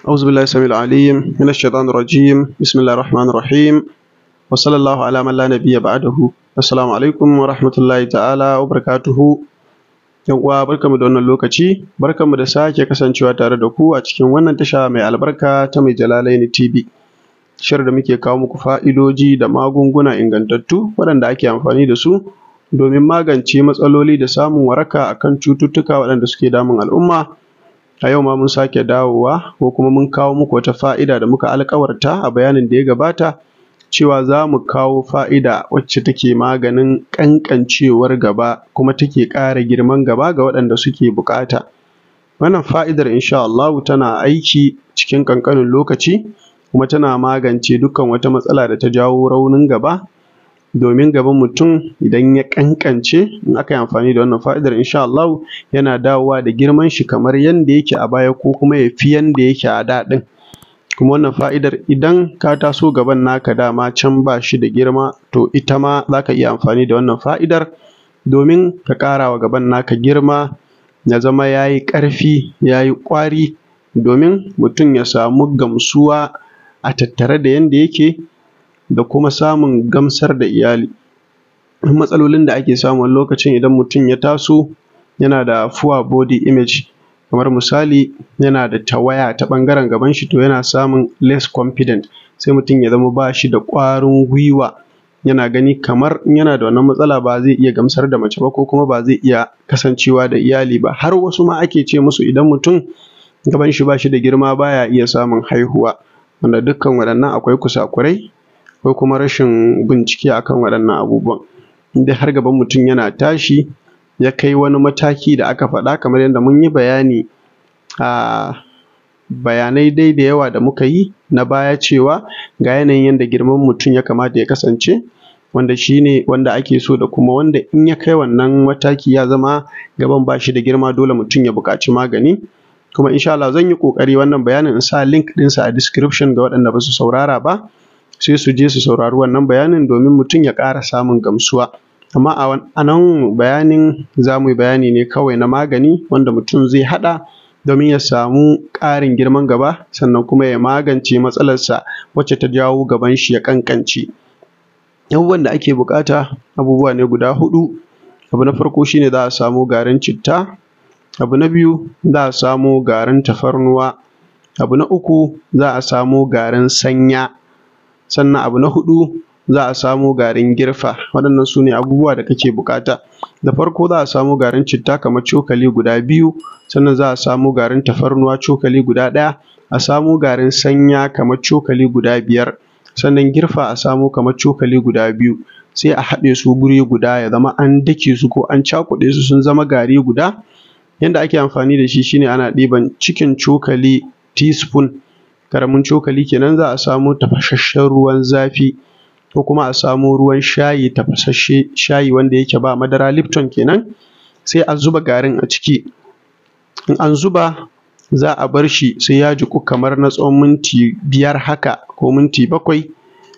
أعوذ بالله السميع العليم من الشيطان الرجيم بسم الله الرحمن الرحيم وصلى الله على من لا نبي بعده السلام عليكم ورحمة الله تعالى وبركاته yan uwa barkamu da wannan lokaci barkamu da sake kasancewa tare da ku a cikin wannan tasha mai albarka ta mai jalalaini tv shirin da muke kawo muku fa'idoji da magunguna ingantattu waɗanda ake amfani da su domin magance matsaloli da samun waraka akan cututtuka waɗanda suke damun al'umma a yau ma mun sake dawowa ko kuma mun kawo muku wata fa'ida da muka alkawarta a bayanin da ya gabata cewa za mu kawo fa'ida wacce take maganin ƙanƙancewar gaba kuma take ƙara girman gaba ga waɗanda suke buƙata wannan fa'idar insha Allah tana aiki cikin ƙanƙanin lokaci kuma tana magance dukkan wata matsala da ta jawo raunin gaba domin gaban mutum idan ya ƙanƙance in aka yi amfani da wannan fa'idar insha Allah yana dawowa da girman shi kamar yanda yake a baya ko kuma ya fi yanda yake a daɗin. ɗin kuma wannan fa'idar idan ka taso gaban naka dama can ba shi da girma to ita ma za ka iya amfani da wannan fa'idar domin ka ƙara wa gaban naka girma ya zama ya yi ƙarfi ya yi ƙwari domin mutum ya samu gamsuwa a tattare da yanda yake da kuma samun gamsar da iyali matsalolin da ake samu wani lokacin idan mutum ya taso yana da poor body image kamar misali yana da tawaya ta ɓangaren gaban shi to yana samun less confident sai mutum ya zama ba shi da ƙwarin gwiwa yana gani kamar in yana da wannan matsala ba zai iya gamsar da mace ba ko kuma ba zai iya kasancewa da iyali ba har wasu ma ake ce musu idan mutum gaban shi ba shi da girma baya iya samun haihuwa wanda dukkan waɗannan akwai kusakurai ko kuma rashin bincike akan waɗannan abubuwan in dai har gaban mutum yana tashi ya kai wani mataki da aka faɗa kamar yadda mun yi bayani a bayanai dai da yawa da muka yi na baya cewa ga yanayin yadda girman mutum ya kamata ya kasance wanda shi ne wanda ake so da kuma wanda in ya kai wannan mataki ya zama gaban ba shi da girma dole mutum ya buƙaci magani kuma insha Allah zan yi ƙoƙari wannan bayanin in sa link ɗinsa a description ga waɗanda ba su saurara ba sai su je su saurari wannan bayanin domin mutum ya ƙara samun gamsuwa amma a nan bayanin za mu yi bayani ne kawai na magani wanda mutum zai haɗa domin ya samu ƙarin girman gaba sannan kuma ya magance matsalarsa wacce ta jawo gaban shi ya ƙanƙance abubuwan da ake buƙata abubuwa ne guda hudu. abu na farko shine za a samu garin citta abu na biyu za a samu garin tafarnuwa abu na uku za a samu garin sanya sannan abu na hudu, za a samo garin girfa waɗannan su ne abubuwa da kake buƙata da farko za a samo garin citta kamar cokali guda biyu sannan za a samo garin tafarnuwa cokali guda ɗaya a samo garin sanya kamar cokali guda biyar sannan girfa a samo kamar cokali guda biyu sai a haɗe su guri guda ya zama an dake su ko an cakuɗe su sun zama gari guda yanda ake amfani da shi shine ana ɗiban cikin cokali teaspoon Karamin cokali kenan za a samo tafashashen ruwan zafi ko kuma a samo ruwan shayi tafasasshe shayi wanda yake ba madara lifton kenan sai a zuba garin a ciki in an zuba za a bar shi sai ya jiku kamar na tsawon minti biyar haka ko minti bakwai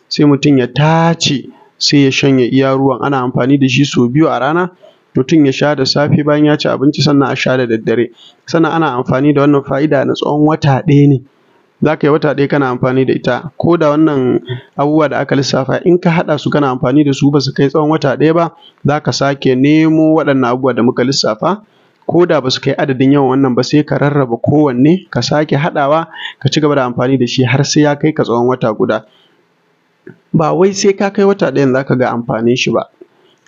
sai mutum ya tace sai ya shanye iya ruwan ana amfani da shi sau biyu a rana mutum ya sha da safe bayan ya ci abinci sannan a sha da daddare sannan ana amfani da wannan fa'ida na tsawon wata ɗaya ne za ka yi wata ɗaya kana amfani da ita ko da wannan abubuwa da aka lissafa in ka haɗa su kana amfani da su ba su kai tsawon wata ɗaya ba za ka sake nemo waɗannan abubuwa da muka lissafa ko da ba su kai adadin yawan wannan ba sai ka rarraba kowanne ka sake haɗawa ka ci gaba da amfani da shi har sai ya kai ka tsawon wata guda ba wai sai ka kai wata ɗayan za ka ga amfanin shi ba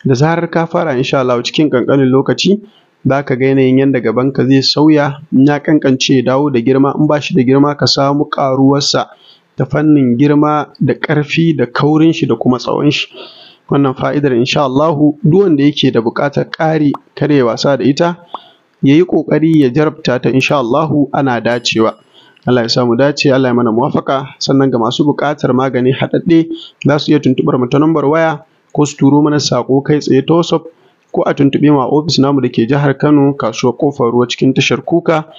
da zarar ka fara insha Allah cikin ƙanƙanin lokaci za ka ga yanayin yanda ka zai sauya in ya ƙanƙance ya dawo da girma in ba shi da girma ka samu karuwarsa ta fannin girma da ƙarfi da kaurin shi da kuma tsawon shi wannan fa'idar insha Allahu duk wanda yake da buƙatar ƙari kar ya wasa da ita ya yi ƙoƙari ya jarabta ta insha Allahu ana dacewa Allah ya sa mu dace Allah ya mana muwafaka sannan ga masu buƙatar magani haɗaɗɗe za su iya tuntuɓar mu ta nambar waya ko su turo mana saƙo kai tsaye ta WhatsApp ko a tuntuɓe mu a ofis namu da ke jihar Kano kasuwar kofar ruwa cikin tashar kuka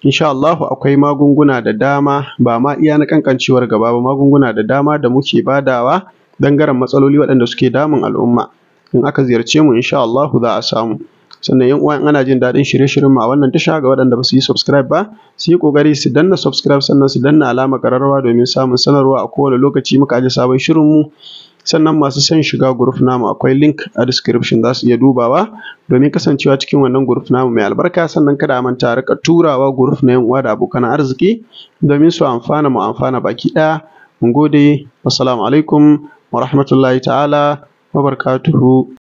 insha Allahu akwai magunguna da dama ba ma iya na kankancewar gaba ba magunguna da dama da muke badawa dangaren matsaloli waɗanda suke damun al'umma in aka ziyarce mu insha Allahu za a samu sannan yan uwa ana jin daɗin shirye-shiryen mu a wannan tasha ga waɗanda ba su yi subscribe ba su yi kokari su danna subscribe sannan su danna alama ƙararrawa domin samun sanarwa a kowane lokaci muka aje sabon shirin mu sannan masu son shiga group namu akwai link a description za su iya dubawa domin kasancewa cikin wannan group namu mai albarka sannan kada a manta rika turawa group na yan uwa da abokan arziki domin su amfana mu amfana baki ɗaya mun gode assalamu alaikum wa rahmatullahi ta'ala wa barakatuhu